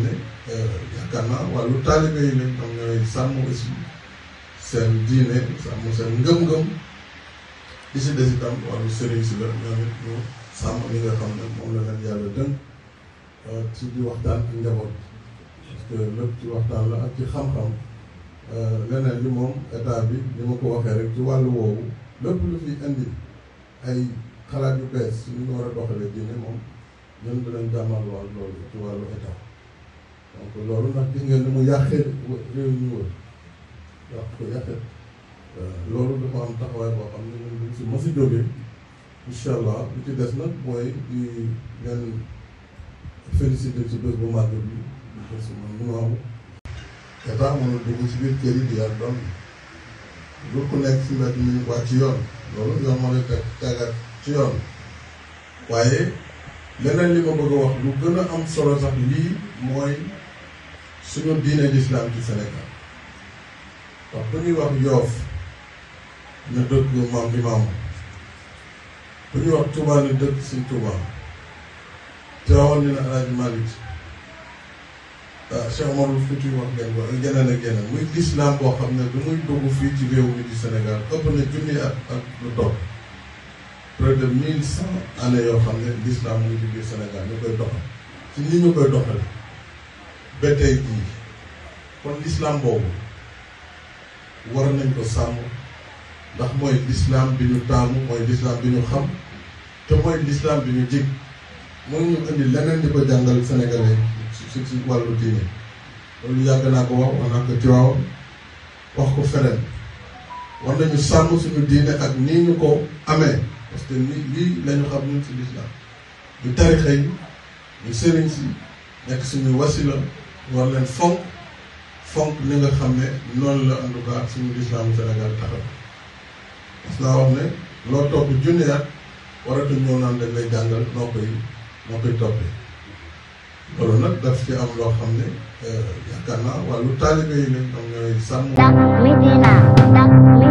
xam ne euh, yaakaar naa wàllu taalibe yi nag ñoom ñooy sàmm aussi seen diine sàmm seen ngëm-ngëm li si des itam wàllu sëriñ si la ñoom it ñu sàmm li nga xam ne moom la leen euh, ci di waxtaan ci ci waxtaan la ak ci xam-xam euh, leneen li moom état bi ni ma ko waxee rek ci wàllu woowu lépp lu fi indi ay xalaat yu bees ñu war a doxalee diine moom ñun dinañ jàmmal wàll loolu ci wàllu état donc loolu na gis ngeen ni mu yàq euh, loolu dafa am taxawaay boo xam ne ñun ñu si mos a jógee incha allah li ci des nag mooy di leen félicité ci bés bu bi di ko si mën mu am état mënul dugg ci biir kër yi di yar doom lu ku nekk si mbedd mi ci yoon loolu yoon moo lay teg tegaat ci yoon leneen li ma bëgg a wax lu gën a am solo sax lii mooy suñu diine lislaam ci Sénégal wax bu ñuy wax Yoof ñu dëkk maam bi maam bu ñuy wax Touba ñu dëkk suñ Touba teewoon ni na Alaaji Malick ah Cheikh Omarou Fouti wax ngeen ko geneen muy lislaam boo xam ne du muy dugg fii ci réew mi di Sénégal ëpp na junni at ak lu topp près de ane cent années yoo xam ne l'islam mu ñu koy doxal ci ni ñu koy doxal ba tey jii kon l'islam boobu war nañ ko sàmm ndax mooy l'islam bi ñu taamu mooy l'islam bi ñu xam te mooy l'islam bi ñu jig mooy ñu indi leneen di ko sénégalais ci ci wàllu diine loolu yàgg ko wax wax ko Tiwaawan wax ko feneen war nañu suñu ak ñu ko amee parce que li lii la ñu xam ñun ci lislaam ñu tarixa yi ñu sëriñ si nekk suñu wasila war leen fonk fonk li nga xam ne noonu la en tout cas suñu lislaamu Sénégal taxaw parce que naa wax ne loo topp junni at waratu ñëw naan dañ lay jàngal noo koy noo koy toppee loolu nag daf ci am loo xam ne euh, yaakaar naa wàllu taalibe yi lañ am ñooy sàmm.